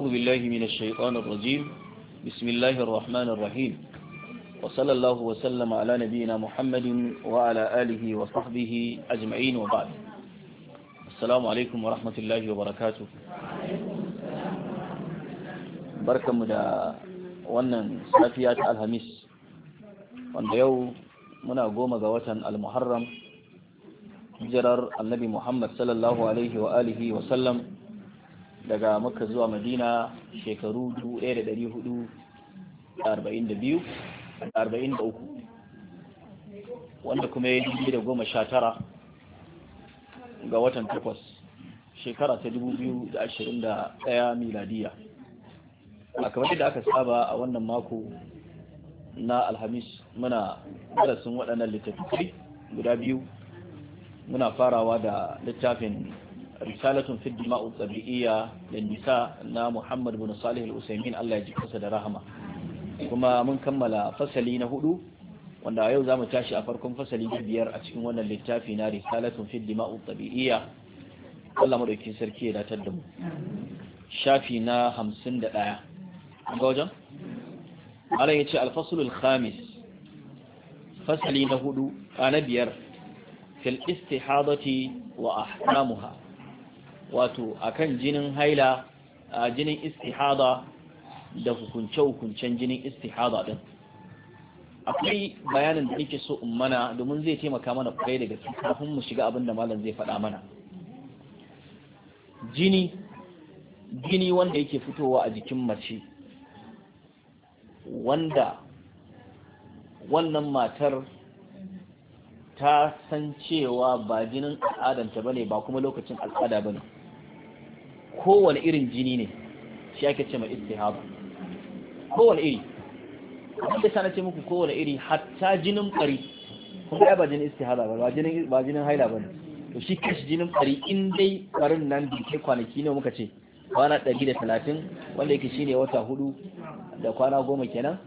أعوذ بالله من الشيطان الرجيم بسم الله الرحمن الرحيم وصلى الله وسلم على نبينا محمد وعلى آله وصحبه أجمعين وبعد السلام عليكم ورحمة الله وبركاته بركة مدى wannan safiya ta alhamis wanda yau muna goma ga watan almuharram hijirar annabi muhammad sallallahu alaihi wa alihi wa sallam daga makka zuwa madina shekaru 1442 wanda kuma ya yi da goma sha tara ga watan takwas shekara ta 2021 miladiya a kamar da aka saba a wannan mako na alhamis muna darasin waɗannan littattafai guda biyu muna farawa da littafin risalatun fi dima'u da nisa na Muhammad bin Salih al-Usaimin Allah ya ji kasa da rahama kuma mun kammala fasali na hudu wanda yau zamu tashi a farkon fasali na biyar a cikin wannan littafi na risalatun fi dima'u tabi'iyya Allah madaukakin sarki ya datar da mu shafi na 51 ga wajen Allah ya ce al-faslul khamis fasali na hudu a na biyar fil istihadati wa ahkamuha wato akan jinin haila a jinin istihada da hukunce-hukuncen jinin istihada din akwai bayanin da yake so in mana domin zai taimaka mana kwaye daga kafin mu shiga abin da malam zai faɗa mana jini jini wanda yake fitowa a jikin mace wanda wannan matar ta san cewa ba jinin al'adanta bane ba kuma lokacin al'ada bane kowane irin jini ne shi ake ce mai istihaba kowane iri abinda sa na ce muku kowane iri hatta jinin ɓari kuma ya ba jinin istihaba ba jinin ba jinin haila ba ne to shi kashi jinin ɓari in dai ɓarin nan da kwanaki ne muka ce kwana ɗari da talatin wanda yake shine wata hudu da kwana goma kenan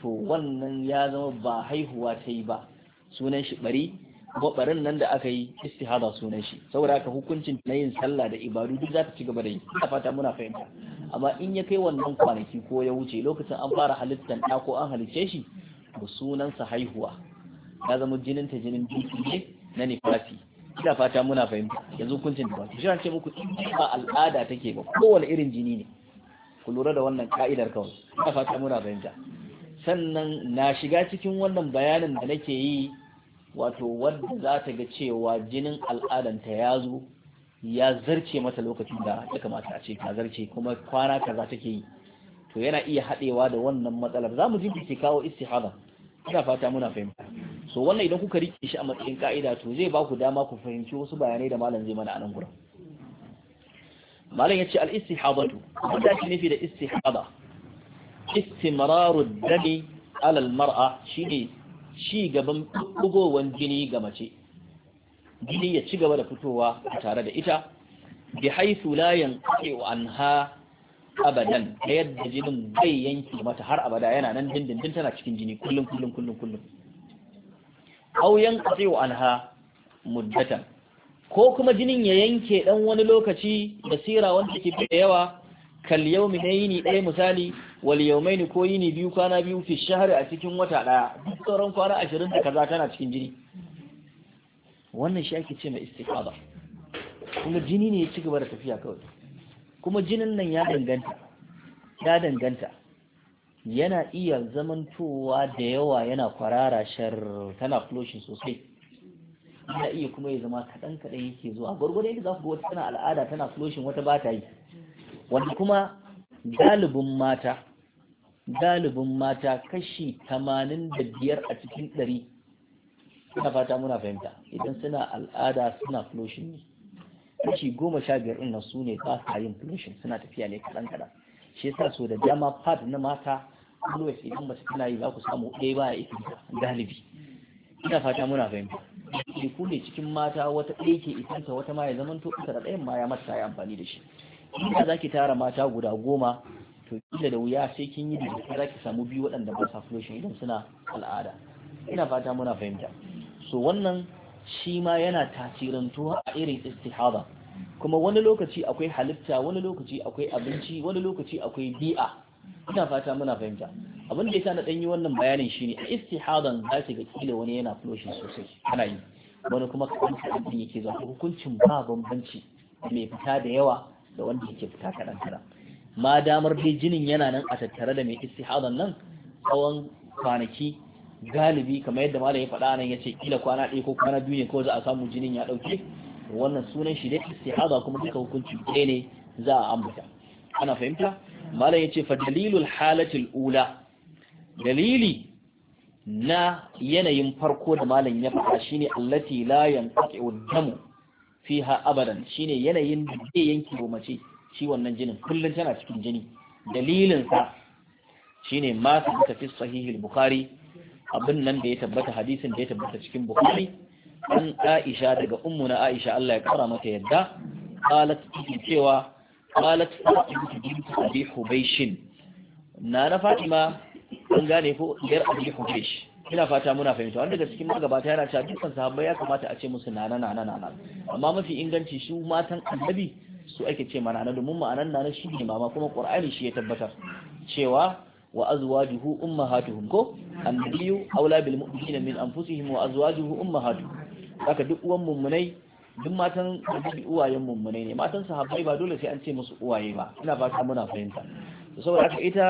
to wannan ya zama ba haihuwa ta yi ba sunan shi ɓari kuma barin nan da aka yi istihada sunan shi saboda haka hukuncin na yin sallah da ibadu duk za ta ci gaba da yi ina fata muna fahimta amma in ya kai wannan kwanaki ko ya wuce lokacin an fara halittan ɗa ko an halicce shi ba sunansa haihuwa ya zama jinin ta jinin duki ne na nifasi ina fata muna fahimta yanzu hukuncin da ba shi ce muku in ba al'ada take ba kowane irin jini ne ku lura da wannan ka'idar kawai ina fata muna fahimta sannan na shiga cikin wannan bayanin da nake yi wato wadda za ta ga cewa jinin al'adanta ya zo ya zarce masa lokacin da ya kamata a ce ka zarce kuma kwana kaza take yi to yana iya haɗewa da wannan matsalar za mu ji kawo istihada ina fata muna fahimta so wannan idan kuka rike shi a matsayin ka'ida to zai ba ku dama ku fahimci wasu bayanai da malam zai mana a nan gurin malam ce al-istihadatu wanda shi nufi da istihada istimraru dami ala alal mara shine ci gaban bugowan jini ga mace jini ya ci gaba da fitowa tare da ita bi layan la an anha abadan ta yadda jinin zai yanke mata har abada yana nan dindindin tana cikin jini kullum kullum kullum kullum aw an anha muddatan ko kuma jinin ya yanke ɗan wani lokaci da sira wanda ke da yawa kal yi ni ɗaya misali wal yawmain ko yini biyu kwana biyu fi shahri a cikin wata daya duk sauran kwana 20 da kaza tana cikin jini wannan shi ake ce mai istiqada kuma jini ne ya ci gaba da tafiya kawai kuma jinin nan ya danganta ya danganta yana iya zamantowa da yawa yana kwarara shar tana floshin sosai yana iya kuma ya zama kaɗan kaɗan yake zuwa gwargwado yadda za ku ga wata tana al'ada tana floshin wata bata yi wanda kuma galibin mata galibin mata kashi tamanin da biyar a cikin ɗari ina fata muna fahimta idan suna al'ada suna floshin ne kashi goma sha biyar ɗin su ne ba sa yin floshin suna tafiya ne kaɗan kaɗan shi yasa so da dama fad na mata always idan mace tana yi za ku samu ɗaya ba ya ikinta galibi ina fata muna fahimta ne ku ne cikin mata wata ɗaya ke ikinta wata ma ya zamanto ita da ɗayan ma ya mata ya yi amfani da shi ina za ki tara mata guda goma to kila da wuya sai kin yi da za ki samu biyu waɗanda ba sa flushing idan suna al'ada ina fata muna fahimta so wannan shi ma yana tasirantuwa a irin istihada kuma wani lokaci akwai halitta wani lokaci akwai abinci wani lokaci akwai bi'a ina fata muna fahimta abin da yasa na dan yi wannan bayanin shine istihadan za ki ga kila wani yana flushing sosai ana yi wani kuma kaɗan abin yake zuwa hukuncin ba bambanci mai fita da yawa da wanda yake fita kaɗan kaɗan ma damar dai jinin yana nan a tattare da mai istihadan nan tsawon kwanaki galibi kamar yadda malam ya faɗa nan yace kila kwana ɗaya ko kwana biyu ne ko za a samu jinin ya ɗauke wannan sunan shi dai istihada kuma duka hukunci ɗaya ne za a ambata ana fahimta malam yace fa dalilul halatil ula dalili na yanayin farko da malam ya faɗa shine allati la yanqati'u damu fiha abadan shine yanayin da yanki wa mace shi wannan jinin kullum tana cikin jini dalilin sa shine ma tabbata fi sahih bukhari abin nan da ya tabbata hadisin da ya tabbata cikin bukhari an aisha daga ummuna aisha Allah ya kara mata yadda qalat cewa qalat fatima bint abi hubaysh na na fatima an gane ko yar abi hubaysh ina fata muna fahimta wanda daga cikin magabata yana cewa dukkan sahabbai ya kamata a ce musu nana nana nana amma mafi inganci shi matan annabi su ake ce mana na domin ma'anan nana shi ne mama kuma qur'ani shi ya tabbatar cewa wa azwajuhu ummahatuhum ko annabiyu aula bil mu'minina min anfusihim wa azwajuhu ummahatuhum haka duk uwan mummunai duk matan annabi uwayen mummunai ne matan sahabbai ba dole sai an ce musu uwaye ba ina fata muna fahimta saboda haka ita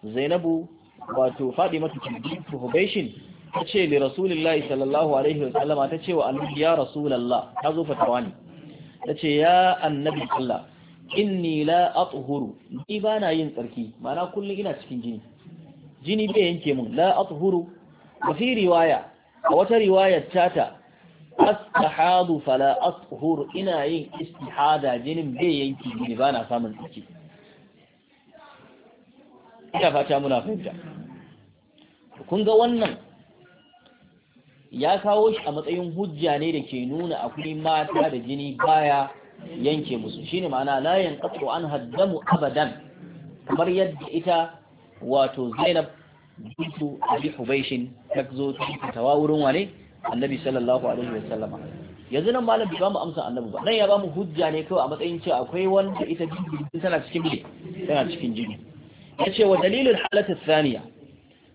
Zainabu wato Fadimatu bintu Hubayshin ta ce li Rasulullahi sallallahu alaihi wa sallama ta ce wa Annabi ya Rasulullah ta zo fatawa ne ta ce ya Annabi Allah inni la athuru ni ba na yin tsarki mana kullum ina cikin jini jini bai yanke mun la athuru wa fi riwaya a wata riwaya tata astahadu fala athuru ina yin istihada jinin bai yanke jini ba na samun tsarki ina fata muna fahimta kun ga wannan ya kawo shi a matsayin hujja ne da ke nuna akwai mata da jini baya yanke musu shine ma'ana la yanqatu an haddamu abadan kamar yadda ita wato Zainab bintu Abi Hubayshin ta zo ta wurin wane Annabi sallallahu alaihi sallama yanzu nan malam ba mu amsa Annabi ba nan ya ba mu hujja ne kawai a matsayin cewa akwai wanda ita jini tana cikin jini Ya cikin jini yace wa dalilul halatu thaniya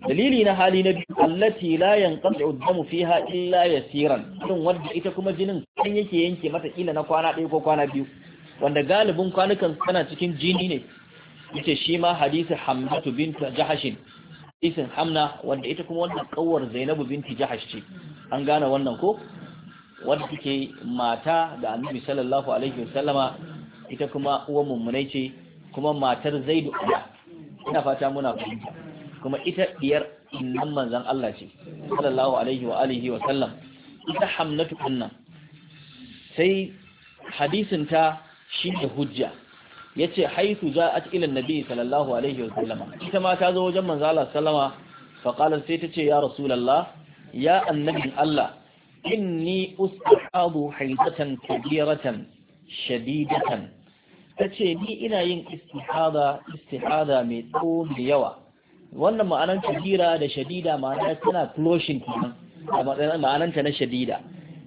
dalili na hali na biyu allati la yanqatu damu fiha illa yasiran din wanda ita kuma jinin kan yake yanke mata kila na kwana ɗaya ko kwana biyu wanda galibin kwanukan tana cikin jini ne yace shi ma hadisi hamdatu bint jahashin isin hamna wanda ita kuma wannan kawar zainabu binti jahash ce an gane wannan ko wanda take mata da annabi sallallahu alaihi wasallama ita kuma uwan mummunai ce kuma matar zaidu ina fata muna fahimta kuma ita diyar innan manzan Allah ce sallallahu alaihi wa alihi wa sallam ita hamnatu kunnan sai hadisin ta shi da hujja yace haitu za'at ila annabi sallallahu alaihi wa sallama ita ma ta zo wajen manzan Allah sallama fa qalat sai tace ya rasulullah ya annabi Allah inni ustahadu haidatan kabiratan shadidatan tace ni ina yin istihada istihada mai tsawo da yawa wannan ma'anar kabira da shadida ma'ana tana closing kenan ma'anar ta na shadida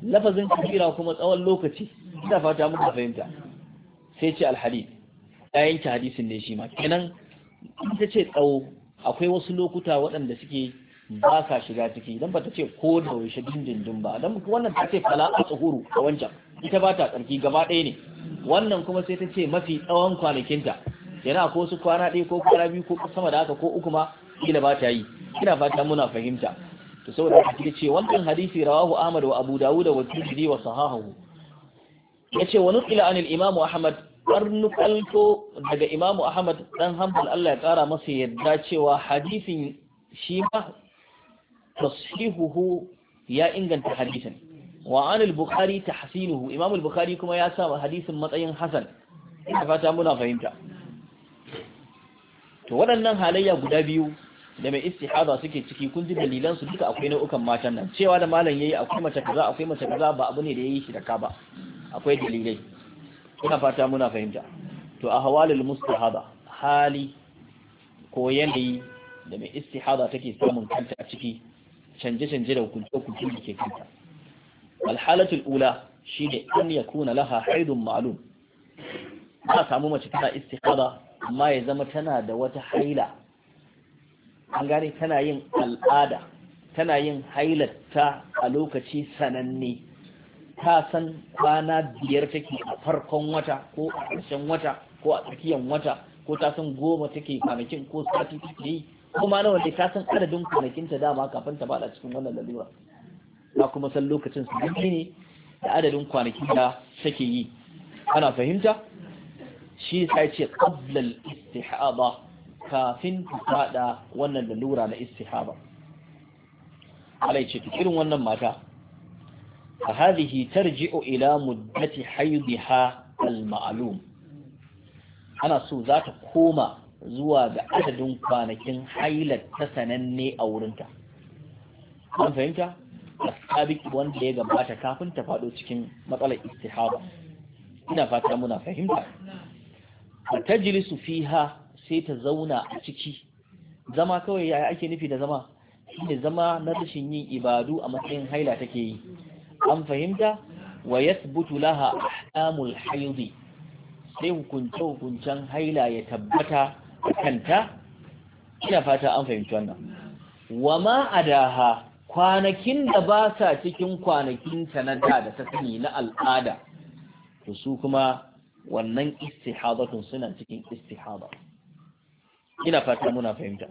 lafazin kabira kuma tsawon lokaci ina fata muka fahimta sai ce alhadi ya yanke hadisin ne shi ma kenan ita ce tsawo akwai wasu lokuta waɗanda suke ba sa shiga ciki idan ba ta ce ko da yaushe dindindin ba dan wannan ta ce fala a tsuhuru a wancan ita ba ta tsarki gaba ɗaya ne wannan kuma sai ta ce mafi tsawon kwanakinta yana ko su kwana ɗaya ko kwana biyu ko sama da haka ko uku ma kila ba ta yi ina fata muna fahimta to saboda haka ce wannan hadisi rawahu Ahmad wa Abu Dawud wa Tirmidhi wa sahahahu yace wa nuqila anil Imam Ahmad har daga Imam Ahmad dan hanbal Allah ya kara masa yadda cewa hadisin shi ma tashihuhu ya inganta hadisin wa anil Bukhari tahsinuhu Imam al-Bukhari kuma ya sa hadisin matsayin hasan ina fata muna fahimta to waɗannan halayya guda biyu da mai istihada suke ciki kun ji dalilan su duka akwai nau'ukan matan nan cewa da malam yayi akwai mace kaza akwai mace kaza ba abu ne da yayi shi da ka ba akwai dalilai ina fata muna fahimta to a hawalil mustahada hali ko yi da mai istihada take samun kanta a ciki canje-canje da hukunce-hukunce da ke kanta alhalatul ula shi ne an yakuna laha haidun ma'lum ba samu mace tana istihada amma ya zama tana da wata haila an gane tana yin al'ada tana yin hailarta a lokaci sananne ta san kwana biyar take a farkon wata ko a ƙarshen wata ko a tsakiyar wata ko ta san goma take kwanakin ko sati take yi ma na wanda ta san adadin kwanakinta, ta dama kafin ta bada cikin wannan lalura na kuma san lokacin su ne da adadin kwanakin da take yi ana fahimta shi sai ce qabla istihaba kafin ta fada wannan lalura na istihaba alai ce irin wannan mata a hadhihi tarji'u ila muddati haydha al-ma'lum ana so za ta koma zuwa ga adadin kwanakin hailar ta sananne a wurinta an fahimta asabik wanda ya gabata kafin ta faɗo cikin matsalar istihaba ina fata muna fahimta fatajlisu fiha sai ta zauna a ciki zama kawai yaya ake nufi da zama shine zama na rashin yin ibadu a matsayin haila take yi an fahimta wa yathbutu laha ahkamul haidi sai hukunce hukuncen haila ya tabbata a kanta ina fata an fahimci wannan wa ma adaha kwanakin da ba sa cikin kwanakinta na da ta sani na al'ada su kuma wannan istihadatun suna cikin istihada ina fata muna fahimta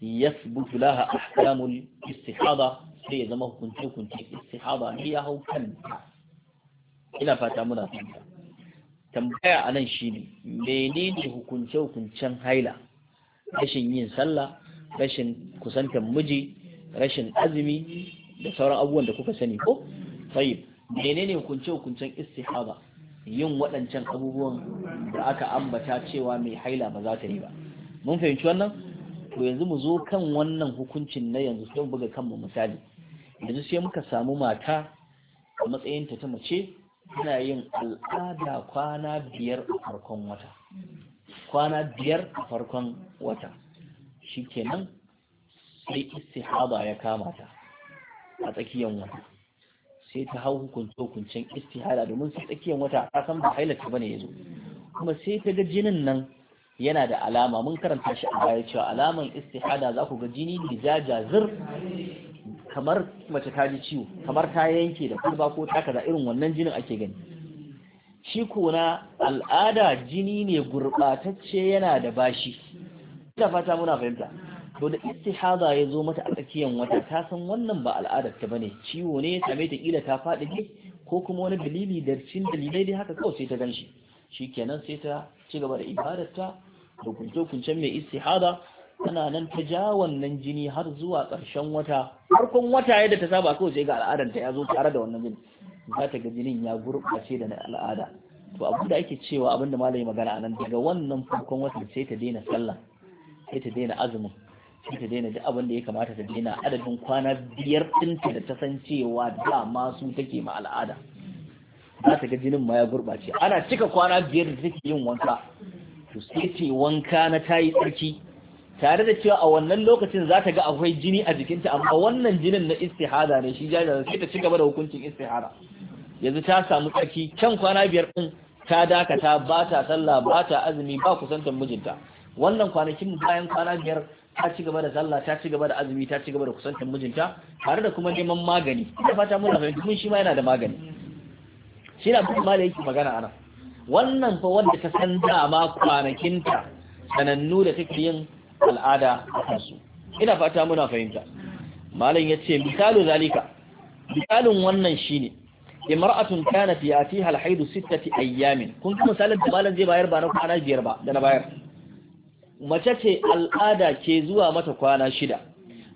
yasbutu laha ahkamul istihada sai ya zama hukunce hukunce istihada ne ya hau kanta ina fata muna fahimta tambaya a nan shi ne. menene hukunce hukuncen haila rashin yin sallah rashin kusantar miji rashin azumi da sauran abubuwan da kuka sani ko tayyib menene hukunce hukuncen istihada yin waɗancan abubuwan da aka ambata cewa mai haila ba za ta yi ba mun fahimci wannan to yanzu mu zo kan wannan hukuncin na yanzu sai buga kanmu misali yanzu sai muka samu mata a matsayinta ta mace tana yin al'ada kwana biyar a farkon wata kwana biyar a farkon wata shikenan sai istihaba ya kama ta a tsakiyar wata sai ta hau hukunce hukuncen istihada domin sai tsakiyar wata a san ba hailata bane zo. kuma sai ta ga jinin nan yana da alama mun karanta shi a baya cewa alaman istihada za ku ga jini da jazir kamar mace ta ji ciwo kamar ta yanke da kurba ko ta kaza irin wannan jinin ake gani shi kuna al'ada jini ne gurɓatacce yana da bashi ina fata muna fahimta to da istihaza ya zo mata a tsakiyar wata ta san wannan ba al'adar ta bane ciwo ne ya same ta kila ta faɗi ne ko kuma wani dalili da cin dalilai dai haka kawai sai ta ganshi shikenan sai ta ci gaba da ibadarta da kunce kunce mai istihada tana nan ta ja wannan jini har zuwa ƙarshen wata farkon wata yadda ta saba kawai sai ga al'adar ta ya zo tare da wannan jini za ta ga jinin ya gurɓace da na al'ada to abu da ake cewa abinda malami magana a nan daga wannan farkon watan sai ta daina sallah sai ta daina azumin sai ta daina duk abin da ya kamata ta daina adadin kwana biyar ɗinta da ta san cewa ma su take ma al'ada za ta ga jinin ma ya gurɓace ana cika kwana biyar da take yin wanka to sai ce wanka na tayi tsarki tare da cewa a wannan lokacin za ta ga akwai jini a jikinta amma wannan jinin na istihada ne shi jajaza sai ta ci gaba da hukuncin istihada yanzu ta samu tsarki can kwana biyar ɗin ta dakata ba ta sallah ba ta azumi ba kusantar mijinta wannan kwanakin bayan kwana biyar ta ci gaba da zalla, ta ci gaba da azumi ta ci gaba da kusantar mijinta tare da kuma neman magani ina fata muna fahimta mun shi ma yana da magani shi na abin mala yake magana a nan. wannan fa wanda ta san dama kwanakinta sanannu da take yin al'ada a kansu ina fata muna fahimta malam ya ce misalu zalika misalin wannan shine imra'atun kanat yatiha al-haidu sittati ayyamin kun ga misalin da malam zai bayar ba na kwana biyar ba da na bayar mace ce al'ada ke zuwa mata kwana shida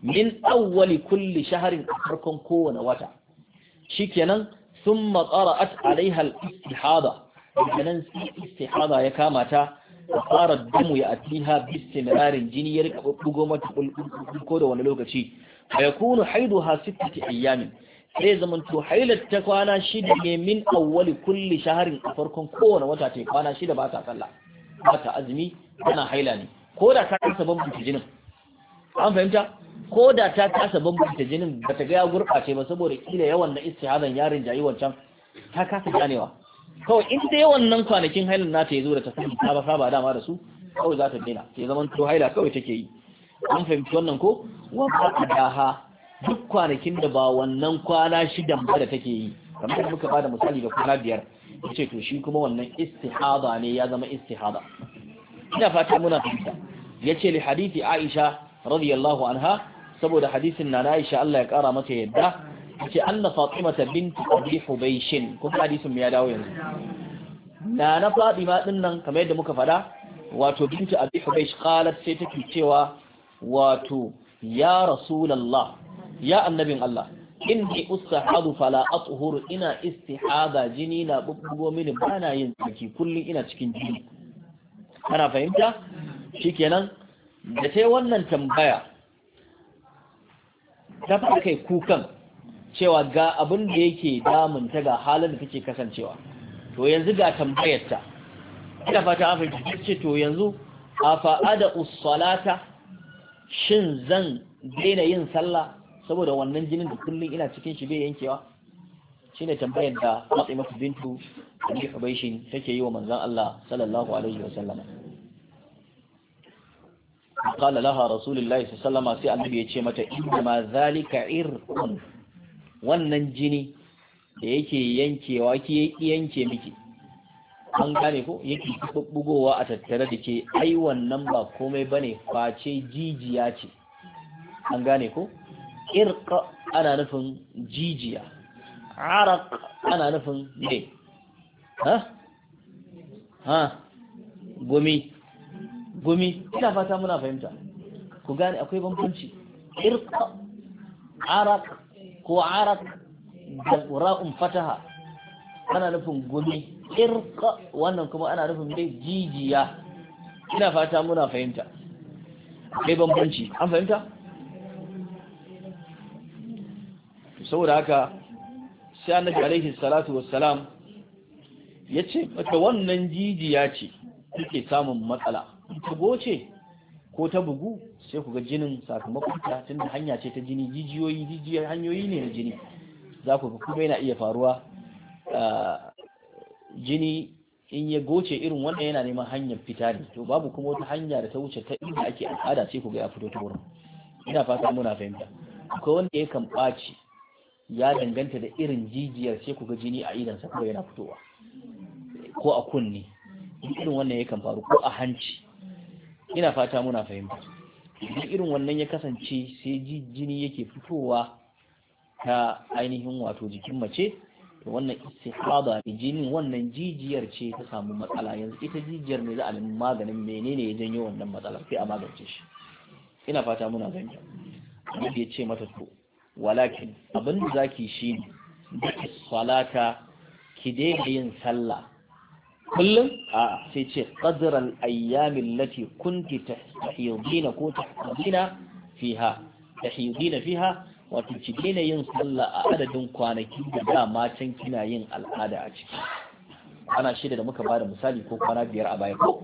min awwali kulli shaharin a farkon kowane wata shikenan sun matsara'at alaiha al-istihada kenan sai istihada ya kamata ta fara damu ya atiha bistimirarin jini ya rika bugo mata ko da wani lokaci fa yakunu haiduha sittati ayyamin sai to hailar ta kwana shida ne min awwali kulli shaharin a farkon kowane wata ce kwana shida ba ta sallah mata azumi tana haila ne ko da ta kasa bambanta jinin an fahimta ko da ta kasa bambanta jinin ba ta ga gurɓace ba saboda kila yawan na istihadan yarin jayi wancan ta kasa ganewa kawai in yawan wannan kwanakin hailan nata ya zo da ta sani ta ba saba dama da su kawai za ta daina ya zaman to haila kawai take yi an fahimci wannan ko wa ba daha duk kwanakin da ba wannan kwana shidan ba da take yi kamar da muka bada misali da kwana biyar yace to shi kuma wannan istihada ne ya zama istihada ina fata muna fahimta yace li hadisi Aisha radiyallahu anha saboda hadisin na Aisha Allah ya kara mata yadda yace anna Fatima bint Abi Hubaysh kuma hadisin ya dawo yanzu na na Fatima din nan kamar yadda muka fada wato bint Abi Hubaysh qalat sai take cewa wato ya rasulullah ya annabin Allah In inni ustahadu fala atuhuru ina istihada jini na bubbugo mini bana yin tsaki kullum ina cikin jini kana fahimta shikenan da sai wannan tambaya ta fara kai kukan cewa ga abin da yake ta ga halin da kake kasancewa to yanzu ga tambayar ta ina fata an fahimta ce to yanzu afa ada salata shin zan daina yin sallah saboda wannan jinin da kullum ina cikin shi bai yankewa shine tambayar da mafi bintu Abi shi take yi wa manzan Allah sallallahu alaihi wasallam قال لها رسول الله صلى الله sai annabi ya ce mata ma zalika irin wannan jini da yake yankewa ki yanke miki an gane ko yake bugowa a tattare da ke ai wannan ba komai bane face jijiya ce an gane ko irka ana nufin jijiya arak ana nufin ne ha ha gumi gumi ina fata muna fahimta ku gane akwai bambanci irka arak ko arak da ra'un fataha ana nufin gumi irka wannan kuma ana nufin dai jijiya ina fata muna fahimta akwai bambanci an fahimta saboda haka sai annabi alaihi salatu wassalam ya ce wannan jijiya ce take samun matsala ta goce ko ta bugu sai ku ga jinin sakamakon ta tunda hanya ce ta jini jijiyoyi jijiyoyi hanyoyi ne na jini za ku kuma yana iya faruwa jini in ya goce irin wannan yana neman hanyar fita ne to babu kuma wata hanya da ta wuce ta inda ake al'ada sai ku ga ya fito ta wurin ina fata muna fahimta ko wanda ya kan ɓaci ya danganta da irin jijiyar sai ku ga jini a sa kuma yana fitowa ko a kunni irin wannan ya kan faru ko a hanci ina fata muna fahimta Duk irin wannan ya kasance sai jini yake fitowa ta ainihin wato jikin mace to wannan istihada da jinin wannan jijiyar ce ta samu matsala yanzu ita jijiyar ne za a nemi maganin menene ya janyo wannan matsalar sai a magance shi ina fata muna gani ya ce mata to walakin abin da zaki shi ne salata ki daina yin sallah kullum a sai ce qadran ayyamin lati kunti tahyidina ko tahyidina fiha tahyidina fiha wato ki daina yin sallah a adadin kwanaki da dama can kina yin al'ada a ciki ana shida da muka bada misali ko kwana biyar a baya ko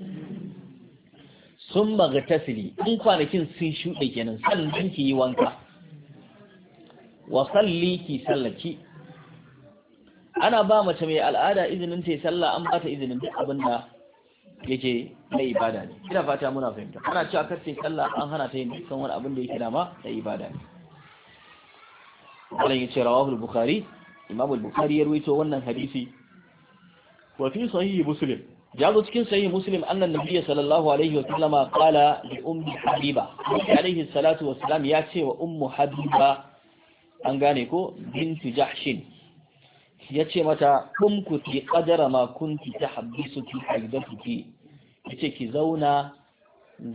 sun maga tasiri in kwanakin sun shuɗe kenan sannan ki yi wanka Wasalli ki sallaki ana ba mace mai al'ada izinin ta yi sallah an ba ta izinin duk abin da yake na ibada ne ina fata muna fahimta ana cewa kar ta yi sallah an hana ta yin dukkan wani abin da yake dama na ibada ne Allah ya ce rawahu al-bukhari imam al-bukhari ya rawaito wannan hadisi wa fi sahihi muslim ya zo cikin sahihi muslim annan nabiyyi sallallahu alaihi wa sallama qala li ummi habiba alaihi salatu wa salam ya ce wa ummu habiba an gane ko bintu jahshin ce mata kum kuti qadara ma kunti tahbisuki aidatuki yace ki zauna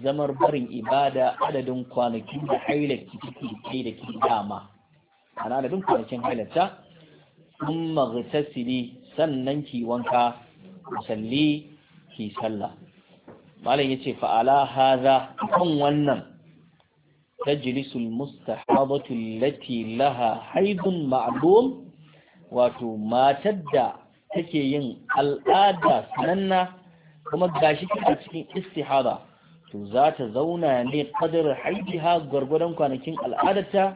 zamar barin ibada adadin kwanaki da hailaki ki kai da ki dama ana adadin kwanakin hailarta thumma ghtasili sannan ki wanka salli ki sallah malam yace fa ala hadha kan wannan تجلس المستحاضة التي لها حيض معلوم wato matar da take yin al'ada sananna kuma gashi a cikin istihada to za ta zauna ne qadar haidiha gwargwadon kwanakin al'adarta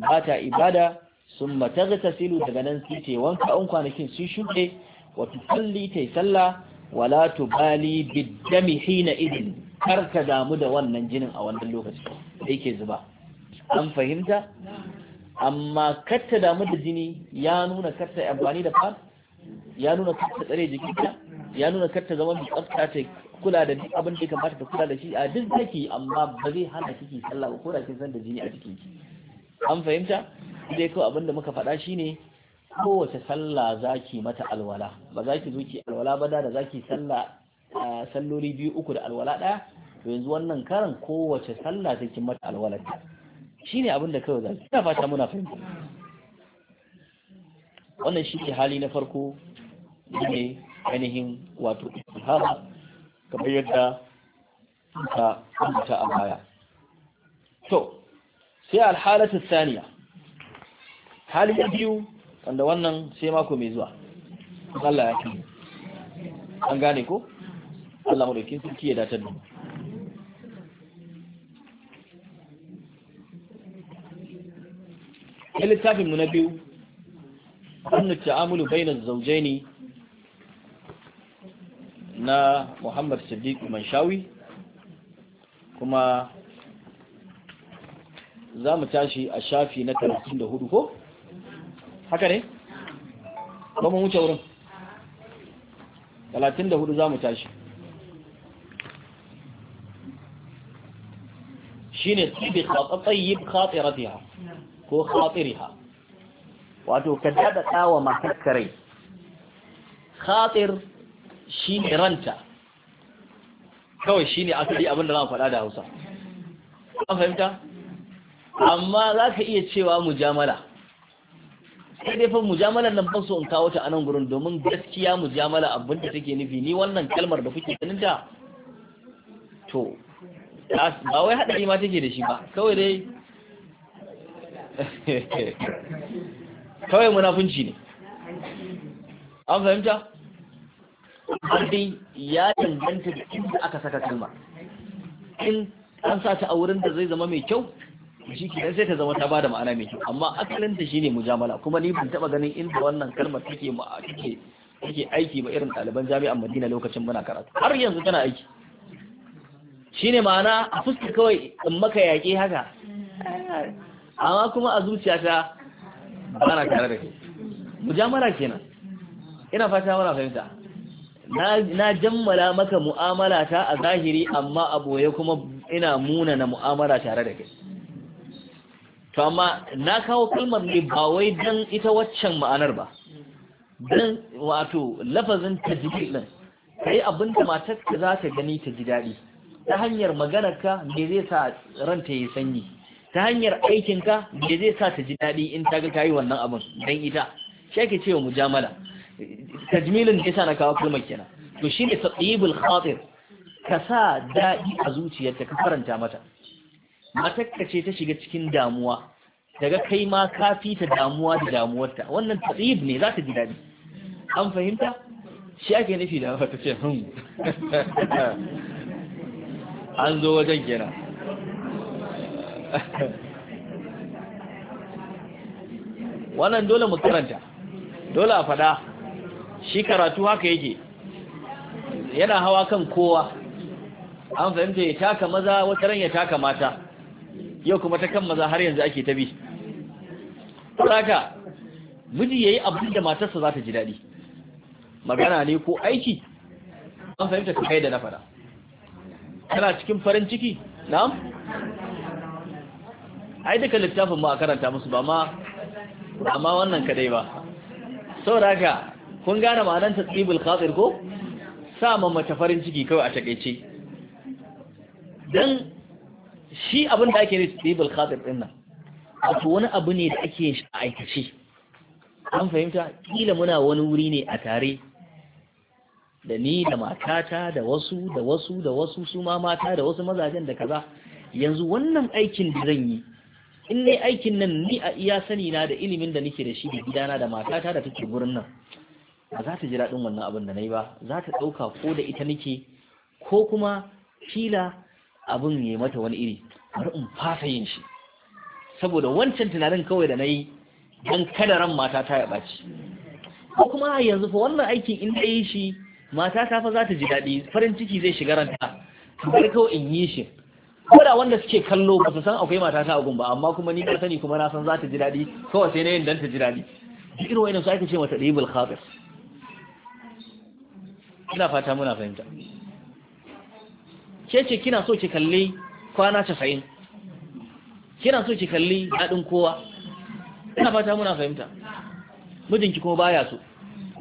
ba ta ibada sun tasilu daga nan sai ce wanka an kwanakin sun shuɗe wa tusalli tai sallah wala tubali biddami hina idin kar ka damu da wannan jinin a wannan lokaci da yake zuba an fahimta amma katta damu da jini ya nuna katta amfani da fan ya nuna katta tsare ta ya nuna katta zama mai tsafta ta kula da duk abin da ya kamata ta kula da shi a duk zaki amma ba zai hana kiki sallah ko da kin san da jini a cikin ki an fahimta dai ko abin da muka faɗa shine kowace sallah zaki mata alwala ba za ki zo ki alwala ba da za ki sallah salloli biyu uku da alwala ɗaya to yanzu wannan karan kowace sallah sai kin mata alwala ta ne abin da kawai zai ina fata muna fahimta wannan shi ke hali na farko ne ainihin wato istihara kamar yadda ta ambata a baya to sai alhalatu saniya hali na biyu wanda wannan sai mako mai zuwa Allah ya kai an gane ko Allah madaukin sarki ya datar da mu ya littafin mu na biyu wannan ta'amulu bainar zaujaini na Muhammad Siddiq Manshawi kuma za mu tashi a shafi na 34 ko? haka ne? ba mu wuce wurin 34 za mu tashi shine tsibi tsatsayyib khatiratiha ko khatiriha wato ka dada tsawa matakkarai khatir shine ranta kawai shine asali abin da zan faɗa da Hausa an fahimta amma za ka iya cewa mujamala sai dai fa mujamalar nan ban so in kawo ta anan gurin domin gaskiya mujamala abin da take nufi ni wannan kalmar da kuke ganin ta to ba wai haɗari ma take da shi ba kawai dai kawai munafunci ne an fahimta dai ya danganta da inda aka saka kalma in an sa ta a wurin da zai zama mai kyau shi ke sai ta zama ta ba da ma'ana mai kyau amma asalin ta ne mujamala kuma ni ban taba ganin inda wannan kalmar take take take aiki ba irin ɗaliban jami'an Madina lokacin muna karatu har yanzu tana aiki shine ma'ana a fuska kawai in maka yaƙi haka amma kuma a zuciya ba na tare da ke mujamala kenan ina fata mana fahimta na jammala maka mu'amala ta a zahiri amma a boye kuma ina muna na mu'amala tare da kai to amma na kawo kalmar ne ba wai don ita waccan ma'anar ba don wato lafazin tajbil din kai abinda matar ka za ta gani ta ji daɗi ta hanyar maganarka me zai sa ranta yi sanyi ta hanyar aikinka me zai sa ta ji daɗi in ta ga ka yi wannan abun? dan ita shi ake ce wa mujamala tajmilin da sa na kawo kalmar kenan to shi ne taqibul khatir ka sa daɗi a zuciyarta ka faranta mata matakka ce ta shiga cikin damuwa daga kai ma ka fita damuwa da damuwarta wannan tsib ne za ta ji daɗi an fahimta shi ake nufi da wata ce hmm. an zo wajen gina wannan dole mu karanta dole a fada shi karatu haka yake yana hawa kan kowa an fahimta ya taka maza wata ran ya taka mata yau kuma ta kan maza har yanzu ake tabi saka miji yayi abin da matarsa za ta ji daɗi magana ne ko aiki an fahimta kai da na fada kana cikin farin ciki na'am ai duka littafin ma a karanta musu ba ma amma wannan kadai ba saboda haka kun gane ma'anar tasbibul khatir ko sa ma mace farin ciki kawai a takeice dan shi abin da ake nufi tasbibul khatir din nan wato wani abu ne da ake aikace an fahimta kila muna wani wuri ne a tare da ni da matata da wasu da wasu da wasu su ma mata da wasu mazajen da kaza yanzu wannan aikin da zan yi in dai aikin nan ni a iya sani na da ilimin da nake da shi da gidana da matata da take gurin nan ba za ta ji daɗin wannan abin da na yi ba za ta ɗauka ko da ita nake ko kuma kila abin ya mata wani iri bari in fasa yin shi saboda wancan tunanin kawai da nayi yi kada ran matata ya ɓaci ko kuma yanzu fa wannan aikin in da yi shi mata ta fa za ta ji daɗi farin ciki zai shiga ranta bar kawo in yi shi ko da wanda suke kallo ba su san akwai mata ta agun ba amma kuma ni ka sani kuma na san za ta ji daɗi kawai sai na yin danta ta ji daɗi irin wayannan su ake ce mata ɗibul khabir ina fata muna fahimta ke ce kina so ki kalli kwana casa'in kina so ki kalli daɗin kowa ina fata muna fahimta mijinki kuma baya so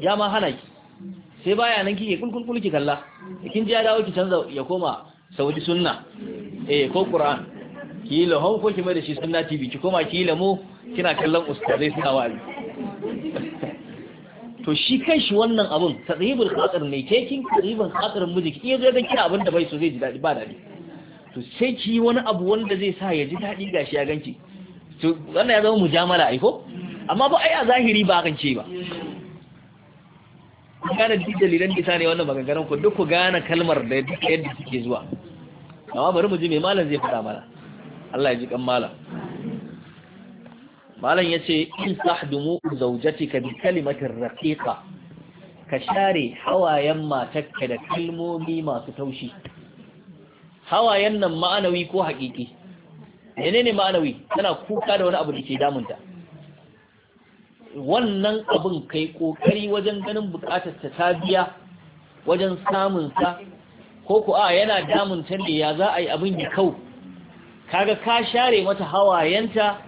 ya ma hana ki sai baya nan kike kulkul ki kalla kin ji ya dawo ki canza ya koma saudi sunna eh ko qur'an ki la hon ko ki mai da shi sunna tv ki koma ki la mu kina kallon ustazai suna wa'azi to shi kai shi wannan abun tadhibul khatar ne ke kin tadribul khatir miji ki zai ga kira abin da bai so zai ji dadi ba dadi to sai ki yi wani abu wanda zai sa ya ji dadi gashi ya ganci to wannan ya zama mujamala ai ko amma ba ai a zahiri ba kan ce ba ku gane duk dalilan da ne wannan maganganun ku duk ku gane kalmar da ya yadda suke zuwa amma bari mu ji mai malam zai fada mana Allah ya ji kan malam malam ce in tahdumu zawjatika bi kalimatin raqiqa ka share hawayen matakka da kalmomi masu taushi hawayen nan ma'anawi ko haƙiƙi menene ma'anawi tana kuka da wani abu da ke damunta wannan abin kai kokari wajen ganin bukatar ta ta biya wajen samun sa ko ku a yana damun ta ne ya za a yi abin ya kau kaga ka share mata hawayenta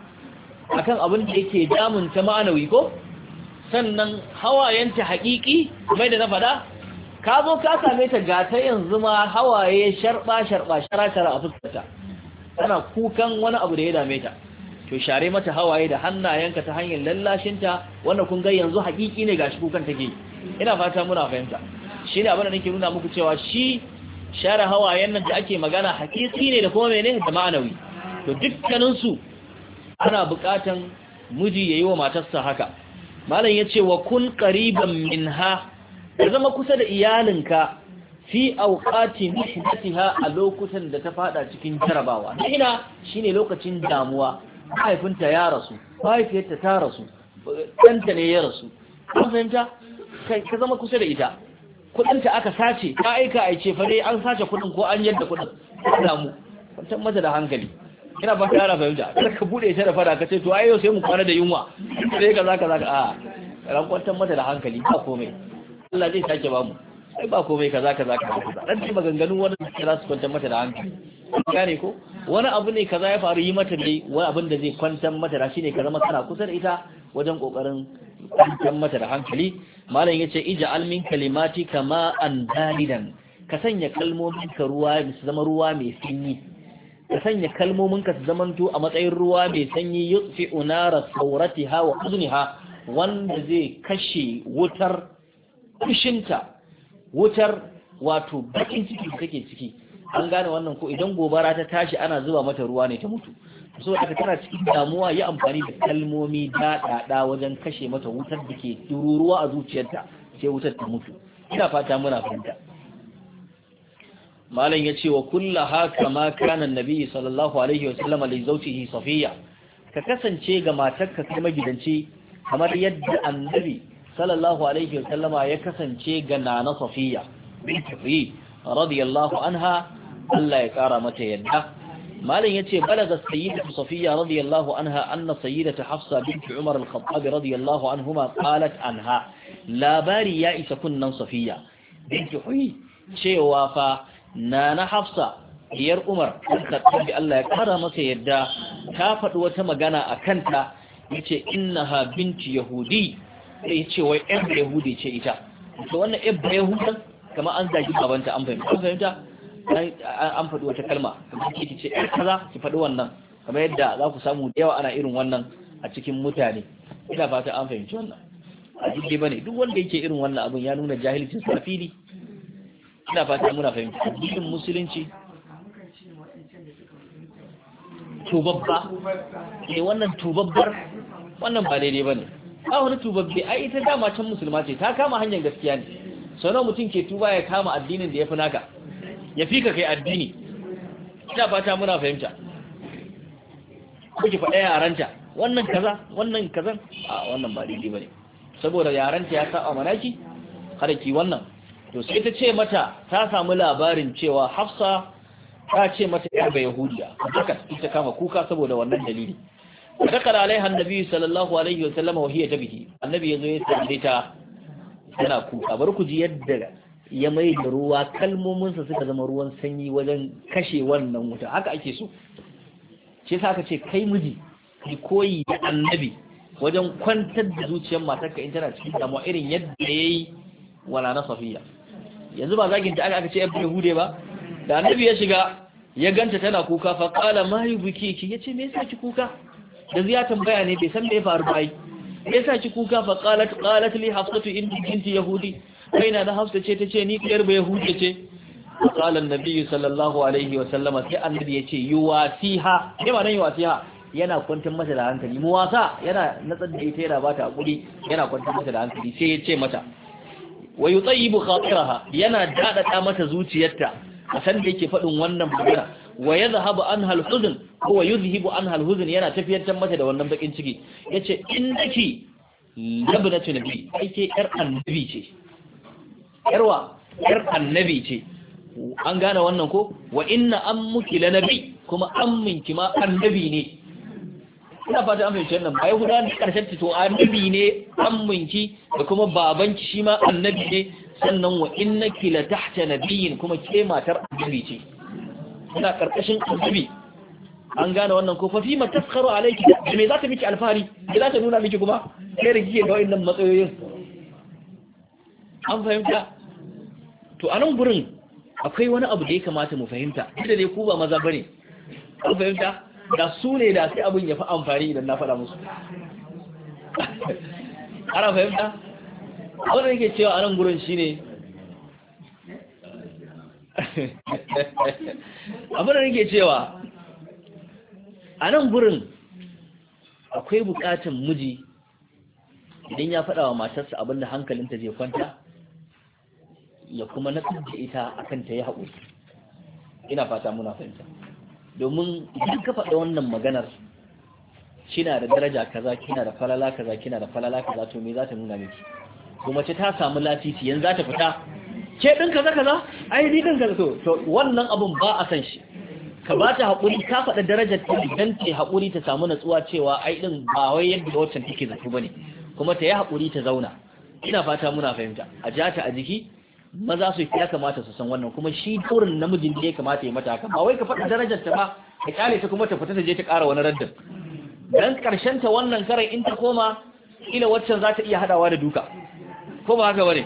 akan abin da yake damun ta ma'anawi ko sannan hawayenta haƙiƙi mai da na faɗa ka zo ka same ta ta yanzu ma hawaye sharɓa sharɓa shara a fuskarta tana kukan wani abu da ya dame ta to share mata hawaye da hannayenka ta hanyar lallashinta wannan kun ga yanzu hakiki ne gashi kukan take ina fata muna fahimta shi ne abin da nake nuna muku cewa shi share hawayen nan da ake magana hakiki ne da kuma mene da ma'anawi to dukkanin su ana buƙatan miji yayi wa matarsa haka malam yace wa kun qariban minha ya zama kusa da iyalinka fi auqati mihdatha a lokutan da ta fada cikin jarabawa ina shine lokacin damuwa mahaifinta ya rasu mahaifiyarta ta rasu ɗanta ne ya rasu an fahimta ka zama kusa da ita kudinta aka sace ka aika a ce fare an sace kuɗin ko an yadda kuɗin. ta mu kwantar mata da hankali ina ba ta fahimta kar ka buɗe ita da fara ka ce to ai yau sai mu kwana da yunwa sai ka zaka zaka a ran kwantar mata da hankali ba komai Allah zai sake ba mu ai ba komai kaza kaza kaza dan maganganun wannan da za su kwantar mata da hankali gane ko wani abu ne kaza ya faru yi mata dai wani abin da zai kwantar mata da shine ka zama kana kusa da ita wajen kokarin kwantar mata da hankali malam yace ij'al min kalimati kama an dalidan ka sanya kalmomin ka ruwa su zama ruwa mai sanyi ka sanya kalmomin ka su zamanto a matsayin ruwa mai sanyi yutfi unara sauratiha wa azniha wanda zai kashe wutar kushinta wutar wato bakin ciki da take ciki an gane wannan ko idan gobara ta tashi ana zuba mata ruwa ne ta mutu so tana cikin damuwa yi amfani da kalmomi da daɗaɗa wajen kashe mata wutar da ke tururuwa a zuciyarta sai wutar ta mutu ina fata muna fahimta malam ya wa kulla haka ma kana nabi sallallahu alaihi wa sallam li zawjihi safiya ka kasance ga matarka kai magidanci kamar yadda annabi sallallahu alaihi wa sallama ya kasance ga nana safiya binti radiyallahu anha Allah ya kara mata yadda malam yace balaga sayyidatu safiya radiyallahu anha anna sayidata hafsa bint umar al-khattab radiyallahu anhuma qalat anha labari ya isa kunnan safiya bint huyi cewa fa nana hafsa diyar umar al-khattab Allah ya kara mata yadda ta faɗi wata magana akan ta yace innaha binti yahudi sai yace wai ɗan yahudi ce ita to wannan ɗan yahudan kamar an zagi babanta an fahimta an faɗi wata kalma kamar ki ce ƴar kaza ki faɗi wannan kamar yadda za ku samu da yawa ana irin wannan a cikin mutane ina fata an fahimci wannan a jirgi bane duk wanda yake irin wannan abin ya nuna jahilcin sa fili ina fata muna fahimci. addinin musulunci tubabba ne eh, wannan tubabbar wannan ba daidai bane ba wani tubabbe ai ita dama can musulma ce ta kama hanyar gaskiya ne sau mutum ke tuba ya kama addinin da ya fi naka ya fi ka kai addini ina fata muna fahimta kuke faɗa yaranta wannan kaza wannan kazan a wannan ba daidai bane saboda yaranta ya saba manaki kada ki wannan to sai ta ce mata ta samu labarin cewa Hafsa ta ce mata yar ba yahudiya haka ita kama kuka saboda wannan dalili dakar alaiha annabi sallallahu alaihi wasallam wa hiya tabihi annabi yazo ya tambaye ta yana kuka bar ku ji yadda ya mai da ruwa kalmominsa suka zama ruwan sanyi wajen kashe wannan wuta haka ake so shi yasa aka ce kai miji kai koyi da annabi wajen kwantar da zuciyar matarka in tana cikin damuwa irin yadda yayi wala na safiya yanzu ba zagin da aka ce ya hude ba da annabi ya shiga ya ganta tana kuka fa kala ma ya yace me yasa ki kuka da ziya tambaya ne bai san me ya faru ba me yasa ki kuka fa kala kala li hafsatu inni binti yahudi kaina na hafsa ce ta ce ni ɗiyar bai huce ce a tsalar nabi sallallahu alaihi wasallama sai annabi ya ce yi wasiha ne yi wasiha yana kwantar mata da hankali mu wasa yana natsar da ita yana ba ta hakuri yana kwantar mata da hankali sai ya ce mata wa yutayyibu khatiraha yana dadada mata zuciyarta a san da yake faɗin wannan magana wa yadhhabu anha al ko wa yuzhibu anha al yana tafiyar mata da wannan bakin ciki yace in daki labnatu nabi ai ke yar annabi ce yarwa yar annabi ce an gane wannan ko wa inna an muki lanabi kuma an minki ma annabi ne ina fata an fahimci wannan bai guda ne karshen ta to annabi ne an minki da kuma babanki shi ma annabi ne sannan wa innaki la tahta nabiyin kuma ke matar annabi ce ina karkashin annabi an gane wannan ko fa fi ma taskharu alayki me za ta miki alfahari me za ta nuna miki kuma kai rigi da wayannan matsayoyin an fahimta to a nan gurin akwai wani abu da ya kamata mu fahimta da dai ku ba maza bane an fahimta da su ne da sai abin ya fi amfani idan na faɗa musu ana fahimta abin da yake cewa a nan gurin shine abin da yake cewa a nan gurin akwai bukatan miji idan ya faɗa wa matarsa abin da hankalinta zai kwanta ya kuma na da ita a kan ta yi haƙuri ina fata muna fahimta domin idan ka faɗa wannan maganar kina da daraja kaza kina da falala kaza kina da falala kaza to me za ta nuna miki kuma ce ta samu lafiya yanzu za ta fita ke ɗin kaza kaza ai ni din kaza to wannan abun ba a san shi ka ba ta haƙuri ka faɗa darajar ta idan ta haƙuri ta samu natsuwa cewa ai din ba wai yadda wancan take zato ba ne kuma ta yi haƙuri ta zauna ina fata muna fahimta a jata a jiki maza su ya kamata su san wannan kuma shi turin namijin da ya kamata ya mata haka ba wai ka faɗa darajar ta ba ka kyale ta kuma ta fita ta je ta ƙara wani raddin dan karshen ta wannan karai in ta koma ila waccan za ta iya haɗawa da duka ko ba haka bane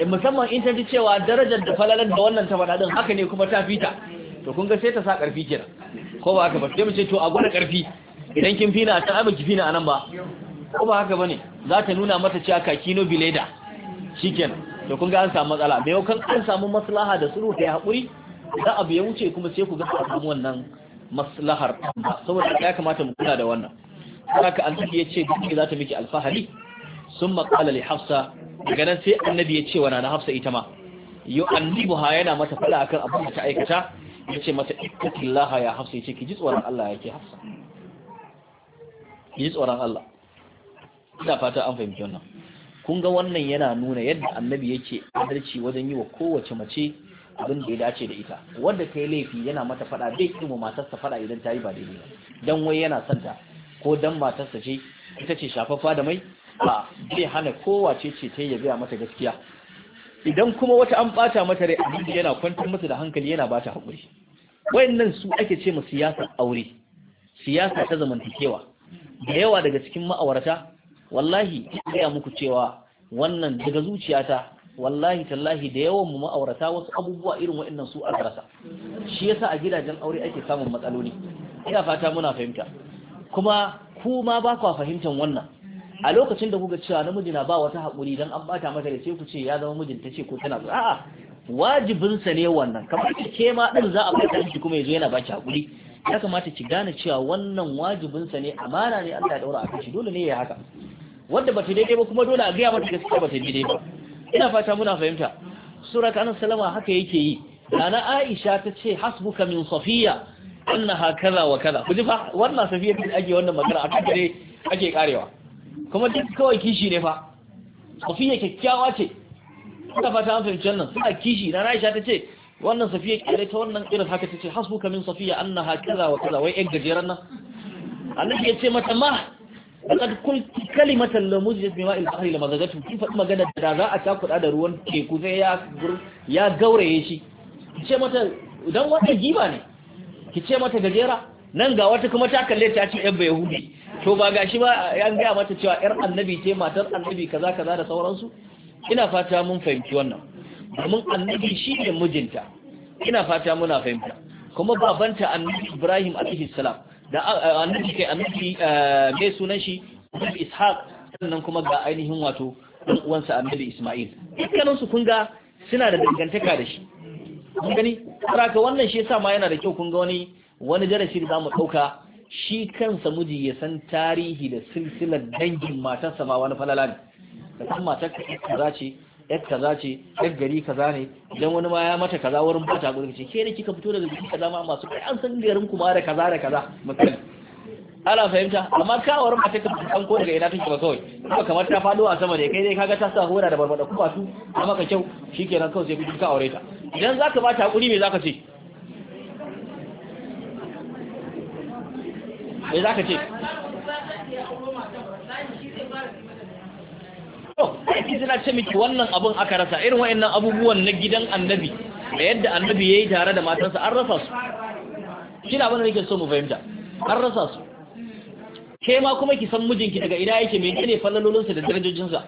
eh, musamman in ta ji cewa darajar da falalan da wannan ta faɗa din haka ne kuma ta fita to kun ga sai ta sa ƙarfi kenan ko ba haka ba sai mu ce to a gwada ƙarfi idan kin fina a abin ki fina a ba ko ba haka bane za ta nuna mata cewa kakino bileda shikenan to kun ga an samu matsala mai kan an samu maslaha da sulhu da haƙuri da abu ya wuce kuma sai ku ga an samu wannan maslahar saboda ya kamata mu kula da wannan haka annabi ya ce duk za ta miki alfahari summa qala li hafsa daga nan sai annabi ya ce wa nana hafsa ita ma ha yana mata fada akan abin da ta aikata Ya ce mata ittaqillaha ya hafsa yace ki ji tsoron Allah yake hafsa ki ji tsoron Allah ina fata an fahimci wannan kun ga wannan yana nuna yadda annabi yake adalci wajen yi wa kowace mace abin da ya dace da ita wanda ta yi laifi yana mata fada bai wa matarsa fada idan ta yi ba daidai ba dan wai yana son ta ko dan matarsa ce ita ce shafaffa da mai ba zai hana kowace ce ta yi gaya mata gaskiya idan kuma wata an bata mata rai abin da yana kwantar mata da hankali yana bata haƙuri wayannan su ake ce ma siyasar aure siyasa ta zamantakewa da yawa daga cikin ma'aurata wallahi gaya muku cewa wannan daga zuciyata wallahi tallahi da yawan mu ma'aurata wasu abubuwa irin waɗannan su aka rasa shi yasa a gidajen aure ake samun matsaloli ina fata muna fahimta kuma ku ma ba kwa fahimtan wannan a lokacin da kuka cewa namiji na ba wata haƙuri dan an bata mata da sai ku ce ya zama mijin ta ce ko tana so a'a wajibin sa ne wannan kamar ke ma din za a bata miki kuma yazo yana baki haƙuri ya kamata ki gane cewa wannan wajibinsa sa ne amana ne Allah ya daura a kai dole ne ya haka Wanda ba ta daidai ba kuma dole a gaya mata gaskiya ba ta daidai ba ina fata muna fahimta sura ta Salama haka yake yi Nana Aisha ta ce hasbuka min Safiya annaha kaza wa kaza kuji fa wannan Safiya din ake wannan magana a cikin ake karewa kuma duk kawai kishi ne fa Safiya kyakkyawa ce ina fata an fahimci wannan suna kishi Nana Aisha ta ce wannan Safiya kare ta wannan irin haka ta ce hasbuka min Safiya annaha kaza wa kaza wai yan gajeren nan Allah ya ce mata ma laqad qulti kalimatan la mujid bima il bahri la magagatu kin faɗi magana da za a takuda da ruwan teku sai ya ya gauraye shi ce mata dan wata giba ne ki ce mata gajera nan ga wata kuma ta kalli ta ce yan yahudi to ba gashi ba an gaya mata cewa yar annabi ce matar annabi kaza kaza da sauransu ina fata mun fahimci wannan domin annabi shi mijinta ina fata muna fahimta kuma babanta annabi Ibrahim alaihi da annabi kai annabi eh, mai sunan shi annabi ishaq sannan kuma ga ainihin wato ɗan uwansa annabi isma'il dukkanin su kun ga suna da dangantaka da shi kun gani ka wannan shi yasa ma yana da kyau kun ga wani wani darasi da mu dauka shi kansa miji ya san tarihi da silsilar dangin matarsa ma wani falala ne da matar kaza ce yar kaza ce yar gari kaza ne idan wani ma ya mata kaza wurin bata gurin ce ke ne kika fito daga gari kaza ma masu kai an san garin ma da kaza da kaza misali ana fahimta amma wurin ma ta kafa an ko daga ina take ba kawai kuma kamar ta fado a sama da kai dai kaga ta sa hora da barbada kuma su amma ka kyau shikenan kawai sai ka aure ta idan zaka ba ta hakuri me zaka ce me zaka ce Oh, aiki suna ce miki wannan abun aka rasa irin wa'annan abubuwan na gidan annabi da yadda annabi ya yi tare da matarsa an rasa su shi na abin da so mu fahimta an rasa su ke ma kuma ki san mijinki daga ina yake mai ne fallalolinsa da darajojinsa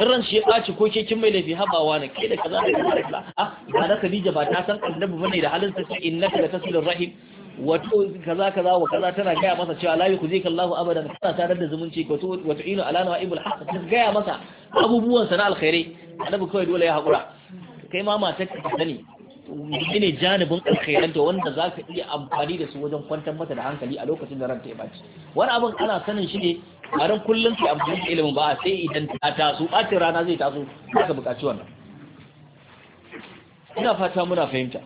ran shi ya ɓaci ko ke kin mai laifi haɓawa na ke da kaza da da a ah, ba na Khadija ba ta san annabi bane da halin sa innaka da tasirin rahim wato kaza kaza wa kaza tana gaya masa cewa la yukhzika Allahu abadan kana tare da zumunci wato wato al'ana ala ibul" haqq ta gaya masa abubuwan sana alkhairi annabi kawai dole ya hakura kai ma mata ka sani ne janibin alkhairanta wanda zaka ka iya amfani da su wajen kwantar mata da hankali a lokacin da ranta ya baci wani abun ana sanin shi ne a ran kullum ke amfani da ilimin ba sai idan ta taso ɓacin rana zai taso za ka buƙaci wannan ina fata muna fahimta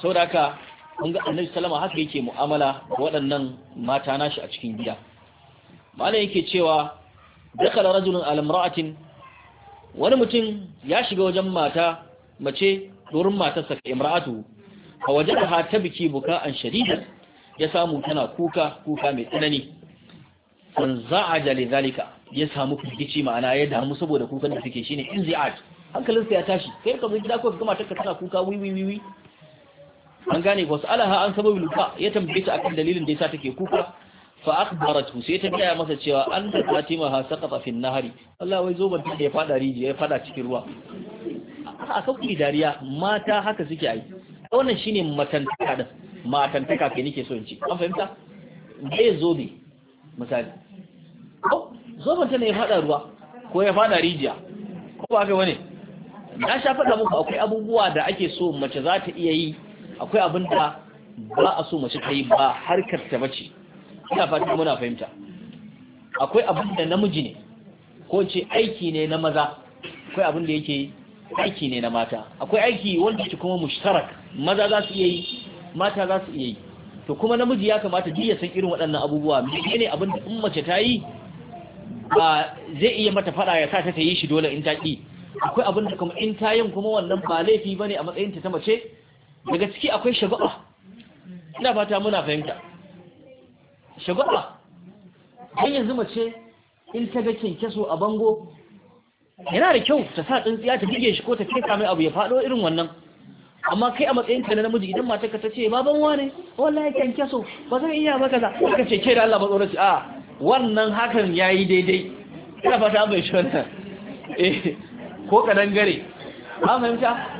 sau da haka kun ga annabi salama haka yake mu'amala waɗannan mata nashi a cikin gida malam yake cewa dakal rajulun al imra'atin wani mutum ya shiga wajen mata mace dorin matarsa saka imra'atu a wajen ha ta biki buka an shadida ya samu tana kuka kuka mai tsanani an za'a li zalika ya samu firgici ma'ana ya damu saboda kukan da suke shine inzi'at hankalinsa ya tashi kai ka zo gida ko ka matarka tana kuka wi wi wi an gane ko alaha an sababin ba ya tambaye ta akan dalilin da yasa take kuka fa akhbarathu sai ta gaya masa cewa an da fatima ha saqata fi nahari Allah wai zoban ta ya fada rijiya ya fada cikin ruwa a sauki dariya mata haka suke ai wannan shine matantaka da matantaka ke nake so in ci an fahimta me zobe misali ko zoban ta ne ya fada ruwa ko ya fada rijiya ko ba haka wani na sha faɗa muku akwai abubuwa da ake so mace za ta iya yi akwai abin da ba a so mace ta yi ba harkar ta bace ina fatan muna fahimta akwai abin da namiji ne ko ce aiki ne na maza akwai abin da yake aiki ne na mata akwai aiki wanda ke kuma mushtarak maza za su iya yi mata za su iya yi to kuma namiji ya kamata duk ya san irin waɗannan abubuwa ne abin da in mace ta yi ba zai iya mata fada ya sa ta ta yi shi dole in ta ki akwai abin da kuma in ta yin kuma wannan ba laifi bane a matsayin ta ta mace daga ciki akwai shagwa ina fata muna fahimta shagwa don yanzu mace in ta ga kyankyaso a bango yana da kyau ta sa tsintsiya ta buge shi ko ta keka mai abu ya faɗo irin wannan amma kai a matsayin ka na namiji idan matarka ta ce baban wane wallahi kyankyaso ba zan iya maka za ka ce ke da Allah ba ci a wannan hakan yayi daidai ina fata bai shi wannan eh ko kadan gare an fahimta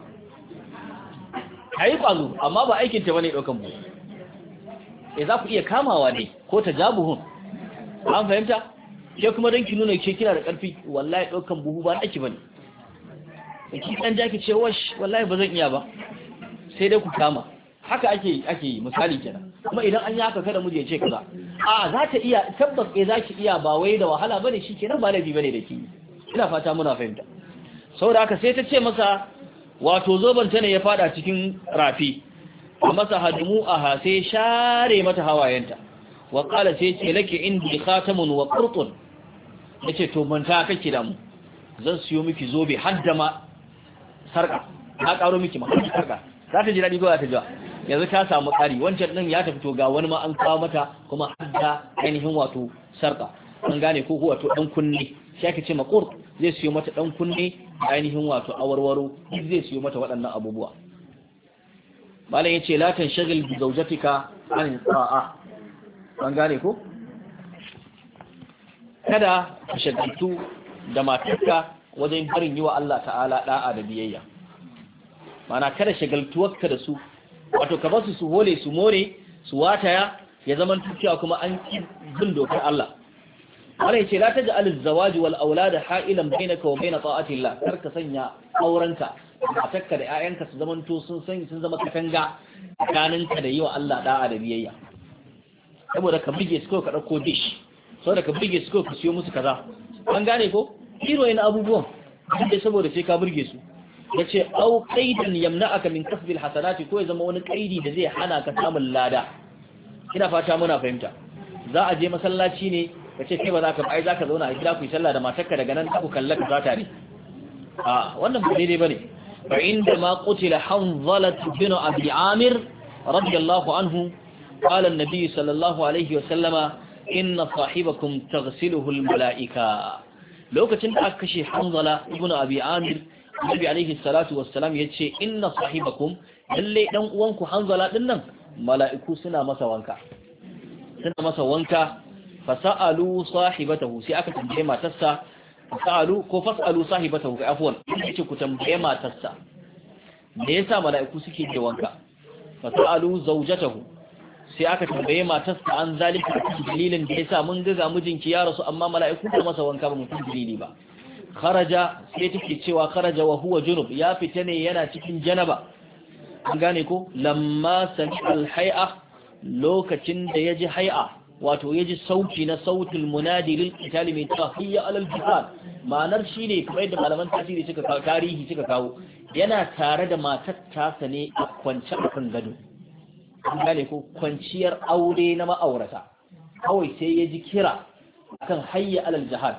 A yi ƙwazo amma ba aikin ta wani ɗaukan buhu e eh, za ku iya kamawa ne ko ta ja buhun an fahimta ke kuma don ki nuna ke kira da ƙarfi wallahi ɗaukan buhu ba ɗaki ne? da ki ɗan jaki ki ce wash wallahi ba zan iya ba sai dai ku kama haka ake ake misali kenan kuma idan an yi haka kada muje ce kaza a za ta iya tabbas e, za ki iya ba wai da wahala bane shi kenan ba laifi bane da ki ina fata muna fahimta saboda haka sai ta ce masa wato ta ne ya fada cikin rafi a masa hadumu a hase share mata hawayenta wa kala sai ce lake indi khatamun wa qurtun yace to manta kake da mu zan siyo miki zobe haddama sarka na karo miki ma sarka za ta ji dadi ko za ta ji yanzu ta samu kari wancan din ya tafi to ga wani ma an kawo mata kuma hadda ainihin wato sarka an gane ko wato ɗan kunne shi ake ce ma qurt zai siyo mata ɗan kunne ainihin wato awarwaro duk zai siyo mata waɗannan abubuwa malam yace la tanshagil bi zawjatika an ta'a an gane ko kada ka shagaltu da matarka wajen barin yi wa Allah ta'ala da'a da biyayya mana kada shagaltuwarka da su wato ka basu su hole su more su wataya ya zaman tukiya kuma an ki bin dokar Allah wala ce la ta az-zawaj wal da ha'ilan bainaka wa bain ta'ati Allah kar ka sanya aurenka matarka da 'ya'yanka su to sun san sun zama katanga tsakaninka da yi wa Allah da'a da biyayya saboda ka bige su ka dauko dish saboda ka bige su ka siyo musu kaza an gane ko kiro yana abubuwan duk saboda sai ka burge su yace au qaidan yamna'aka min kasbil hasanati ko ya zama wani kaidi da zai hana ka samun lada ina fata muna fahimta za a je masallaci ne ka ce kai ba za ka ai za ka zauna a gida ku yi da matarka daga nan ku kallaka za ta ne a wannan ba ne bane fa inda ma qutila hanzalat bin abi amir allahu anhu qala an-nabi sallallahu alaihi wa sallama inna sahibakum taghsiluhu al-mala'ika lokacin da aka kashe hanzala ibn abi amir Nabi alaihi salatu wassalam yace inna sahibakum lalle dan uwanku hanzala din nan mala'iku suna masa wanka suna masa wanka fasa'alu sahibatahu sai aka tambaye matarsa fasa'alu ko fas'alu sahibatahu kai afwan yace ku tambaye matarsa me yasa mala'iku suke da wanka fasa'alu zawjatahu sai aka tambaye matarsa an zalika dalilin da yasa mun ga mijinki ya rasu amma mala'iku ba masa wanka ba mutum dalili ba kharaja sai take cewa kharaja wa huwa junub ya fita ne yana cikin janaba an gane ko lamma sami al-hay'a lokacin da ya ji wato ya ji sauki na sautul munadi lil qitali min tahiyya alal jihad ma'anar shine kamar da malaman tasiri suka kawo tarihi suka kawo yana tare da matar tasa ne a kwance a kan gado an gane ko kwanciyar aure na ma'aurata kawai sai ya ji kira kan hayya alal jihad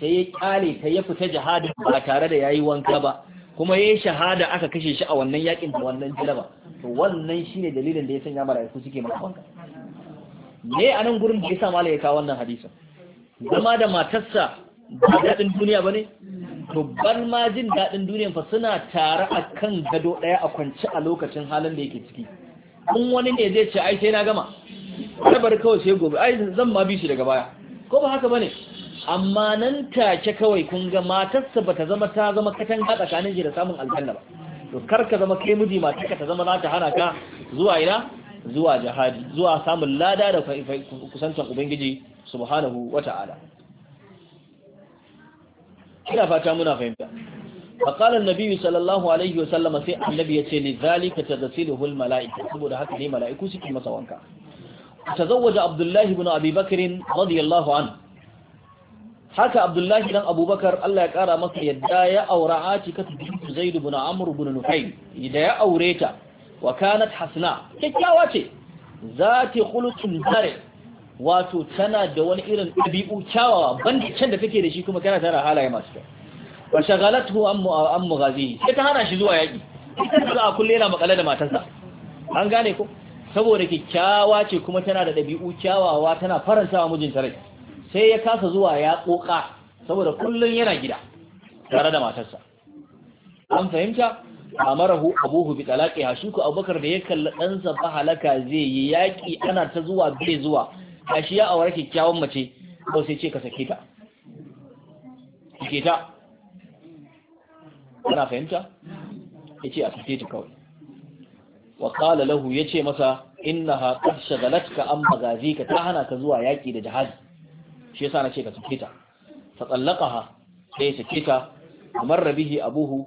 sai ya kale ta ya fita jihadin ba tare da yayi wanka ba kuma yayi shahada aka kashe shi a wannan yakin da wannan jilaba to wannan shine dalilin da ya sanya mala'iku suke maka wanka me a nan gurin da ya sa mala ya kawo wannan hadisa zama da matarsa ba daɗin duniya ba ne to ban ma jin daɗin duniya fa suna tare a kan gado ɗaya a kwance a lokacin halin da yake ciki in wani ne zai ce ai sai na gama bari kawai sai gobe ai zan ma bi shi daga baya ko ba haka bane amma nan take kawai kun ga matarsa bata zama ta zama katanga tsakanin shi da samun aljanna ba to kar ka zama kai miji matarka ta zama za ta hana ka zuwa ina zuwa jihadi zuwa samun lada da kusantar ubangiji subhanahu wata'ala ina fata muna fahimta فقال النبي صلى الله عليه وسلم في النبي يتي لذلك تغسله mala'ika. saboda haka ne mala'iku suke masa wanka tazawwaja Abdullahi ibn Abi Bakr radiyallahu anhu haka Abdullahi dan Abubakar Allah ya kara masa yadda ya aura Atika bint Zaid ibn Amr ibn Nufayl da ya aureta wa kanat hasna kyakkyawa ce zata khuluqin dare, wato tana da wani irin dabi'u kyawawa banda can da take da shi kuma kana tara halaye masu kyau wa shagalatu ammu ammu sai ta hana shi zuwa yaƙi. ita za a kulle yana makale da matarsa an gane ko saboda kyakkyawa ce kuma tana da ɗabi'u kyawawa tana farantawa mijinta rai sai ya kasa zuwa ya koka saboda kullun yana gida tare da matarsa an fahimta amarahu abuhu bi talaqiha shi ko abubakar da ya kalli ɗansa ba halaka zai yi yaƙi ana ta zuwa bai zuwa a shi ya aure kyakkyawan mace ko sai ce ka sake ta sake ta kana fahimta yace a sake ta kawai wa qala lahu yace masa innaha qad shagalatka an magazika ta hana ka zuwa yaƙi da jihadi shi yasa na ce ka sake ta fa tsallaqaha sai sake ta amarra bihi abuhu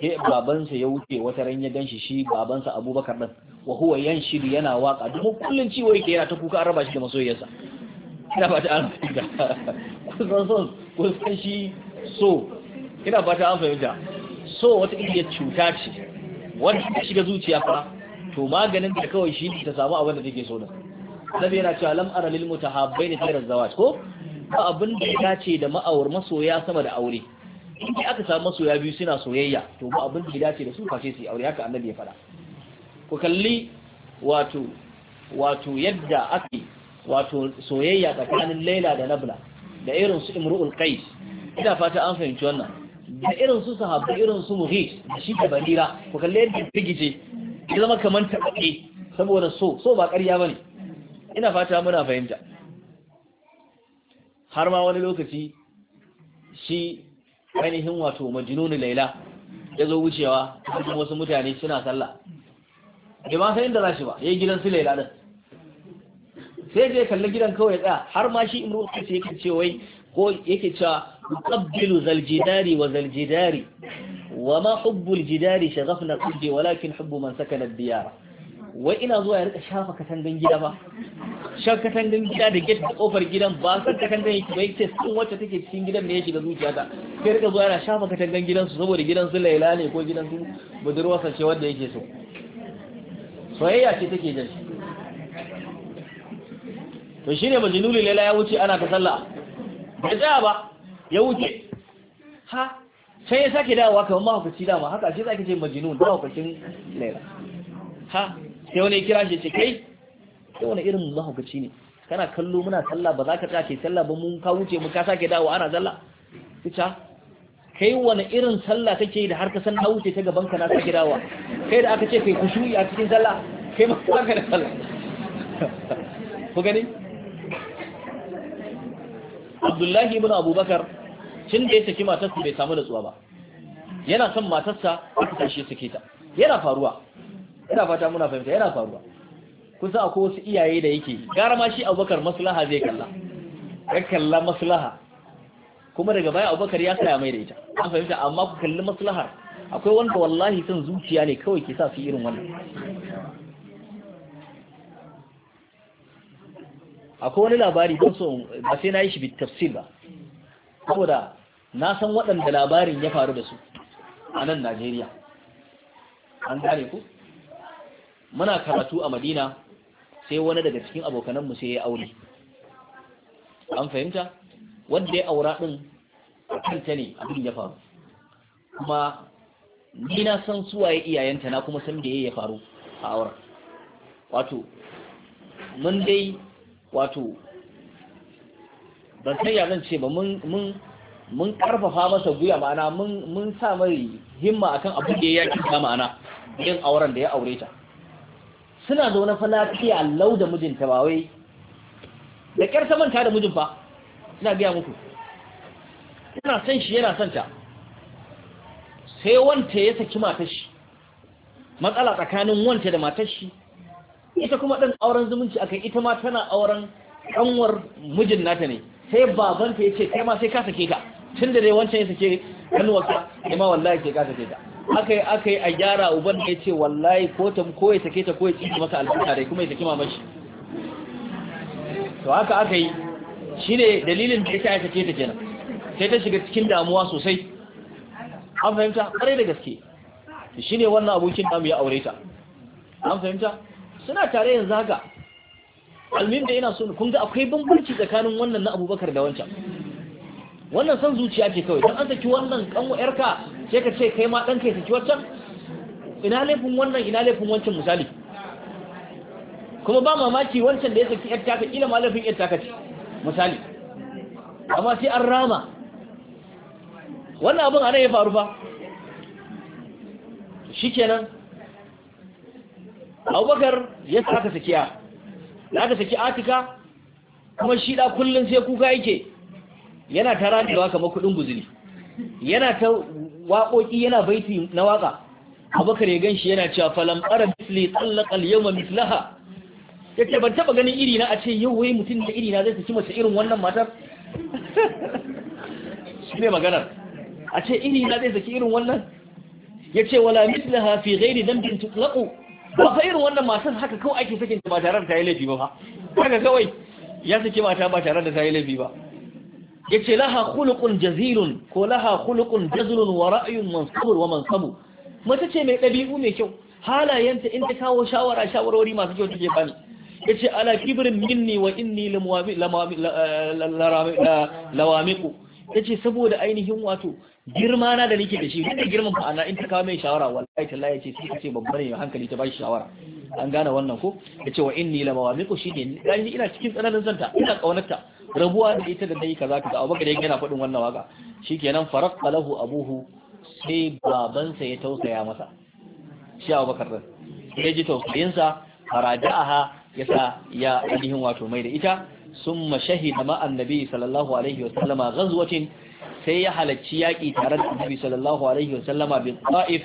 sai babansa ya wuce wata ran ya ganshi shi babansa abubakar din wa huwa yanshidu yana waka duk kullun ciwo yake yana ta kuka an raba shi da masoyiyarsa ina fata an fahimta kusan son kusan shi so ina fata an fahimta so wata iya cuta ce wanda ta shiga zuciya fa to maganin da kawai shi ta samu abin da take so da sabbi yana cewa lam ara lil mutahabbaini fi zawaj ko ba abin da ya dace da ma'aur masoya sama da aure in dai aka samu masoya biyu suna soyayya to ba abin da ya dace da su kashe su aure haka annabi ya faɗa ku kalli wato wato yadda ake wato soyayya tsakanin Laila da Nabla da irin su Imru'ul Qais ina fata an fahimci wannan da irin su sahabbai irin su Muhis da shi da Badira ku kalli yadda figije ya zama kamar taɓaɓe saboda so so ba ƙarya bane ina fata muna fahimta har ma wani lokaci shi ainihin wato majnunu laila ya zo wucewa cikin wasu mutane suna sallah bai ma san inda za shi ba yayi gidan su laila din sai je kalli gidan kawai tsaya har ma shi imru kace yake ce wai ko yake cewa qabbilu zaljidari wa wa ma hubbul jidari shaghafna qalbi walakin hubbu man sakana diyara wai ina zuwa ya rika shafa katangan gida ba shan katangan gida da gate da kofar gidan ba san katangan yake bai ce sun wacce take cikin gidan ne ya shiga zuciya ta sai rika zuwa yana shafa katangan gidan su saboda gidan su laila ne ko gidan su budurwa sace wanda yake so soyayya ce take jin shi to shine majnuni laila ya wuce ana ta sallah ba tsaya ba ya wuce ha sai ya sake dawowa kamar mahaukaci dama haka shi zaki ce majnun mahaukakin laila ha sai wani kira shi ce kai sai wani irin mahaukaci ne kana kallo muna sallah ba za ka tsaya ke sallah ba mun ka wuce mu ka sake dawo ana zalla kica kai wani irin sallah kake yi da har ka san na wuce ta gaban ka na sake dawo kai da aka ce kai kushuyi a cikin sallah kai ma ka da sallah ku gani Abdullahi ibn Abubakar tun da ya saki matarsa bai samu nutsuwa ba yana son matarsa aka tashi sake ta yana faruwa ina fata muna fahimta yana faruwa kusa akwai wasu iyaye da yake gara ma shi abubakar maslaha zai kalla ya kalla maslaha kuma daga baya abubakar ya saya mai da ita an fahimta amma ku kalli maslaha akwai wanda wallahi son zuciya ne kawai ke sa su irin wannan akwai wani labari don so ba sai na yi shi bi tafsir ba saboda na san waɗanda labarin ya faru da su a nan najeriya an gane ku muna karatu a madina sai wani daga cikin abokananmu sai ya aure an fahimta wanda ya aura din kanta ne abin ya faru kuma ni na san suwaye iyayenta na kuma san da ya faru a auren wato mun dai wato ban san ya zan ce ba mun mun karfafa masa guya ma'ana mun sa mai himma akan abin da ya yaki ma'ana yin auren da ya aure ta suna da wani lafiya lau da mijinta ba wai da ƙyar manta da mijin fa suna biya muku yana son shi yana son ta sai wanta ya saki matashi, matsala tsakanin wanta da matar shi ita kuma ɗan auren zumunci kan ita ma tana auren ƙanwar mijin nata ne sai babanta ya ce kai ma sai ka sake ta tun da dai wancan ya sake kanuwarsa ya ma wallahi ya ka sake ta aka yi aka yi a gyara uban ya ce wallahi ko ta ko ya sake ta ko ya tsiki masa albarka dai kuma ya saki mamashi to haka aka yi shine dalilin da yasa ya sake ta kenan sai ta shiga cikin damuwa sosai an fahimta kare da gaske shine wannan abokin namu ya aure ta an fahimta suna tare yanzu haka almin da ina so kun ga akwai bambanci tsakanin wannan na Abubakar da wancan wannan san zuciya ce kawai dan an saki wannan kanwa yarka sai ka ce kai ma ɗanka kai saki wancan? ina laifin wannan ina laifin wancan misali kuma ba mamaki wancan da ya saki yar taka kila ma laifin yar taka ce misali amma sai an rama wannan abin ana ya faru ba shikenan abubakar ya saka sakiya da aka saki atika kuma shi da kullum sai kuka yake yana ta da kamar kudin guzuli yana ta waƙoƙi yana baiti na waƙa abubakar ya gan shi yana cewa falam ƙara misli tsallakal yau mislaha ya ce ban taɓa ganin irina a ce yau wai mutum da irina zai saki mace irin wannan matar shi ne maganar a ce irina zai saki irin wannan ya ce wala mislaha fi gairi dambin tutlaƙo ba fa irin wannan matar haka kawai ake sakin ta. ba tare da ta yi laifi ba ba haka kawai ya saki mata ba tare da ta yi laifi ba yace laha kulukun Jazirun ko laha kulukun jazlun wa ra'yun mansubun wa mansabu mace ce mai ɗabi'u mai kyau halayenta in ta kawo shawara shawarwari masu kyau take bani yace ala kibrin minni wa inni lawamiku yace saboda ainihin wato girma na da nake da shi duk girman ma'ana in ta kawo mai shawara wallahi tallahi ce sai ce babba ne hankali ta bashi shawara an gane wannan ko yace wa inni lawamiku shine dan ina cikin tsananin santa ina kaunarta rabuwa da ita da nayi kaza kaza abubakar yake yana faɗin wannan waka shikenan faraqqa lahu abuhu sai babansa ya tausaya masa shi abubakar din sai ji tausayinsa farada'aha yasa ya ainihin wato mai da ita summa shahida ma'an nabi sallallahu alaihi wa sallama ghazwatin sai ya halacci yaƙi tare da annabi sallallahu alaihi wa sallama bin ta'if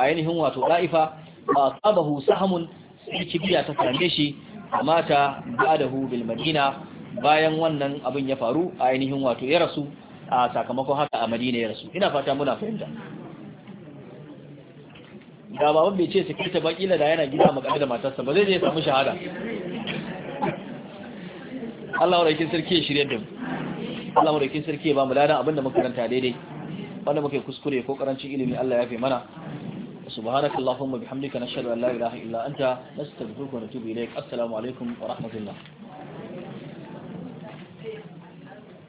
ainihin wato ta'ifa ba sabahu sahamun sai kibiya ta same shi mata ba'dahu bil madina bayan wannan abin ya faru a ainihin wato ya rasu a sakamakon haka a madina ya rasu ina fata muna fahimta da baban bai ce sake ta bakila da yana gida makar da matarsa ba zai zai samu shahada Allah wadda sarki ya shirya da mu Allah wadda sarki ya ba mu ladan abinda muka karanta daidai wanda muke kuskure ko karancin ilimi Allah ya fi mana سبحانك اللهم وبحمدك نشهد أن لا إله إلا أنت نستغفرك ونتوب إليك السلام عليكم wa الله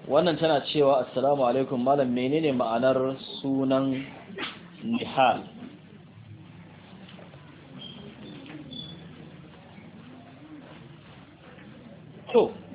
wannan tana cewa assalamu alaikum malam menene ma'anar sunan nihal to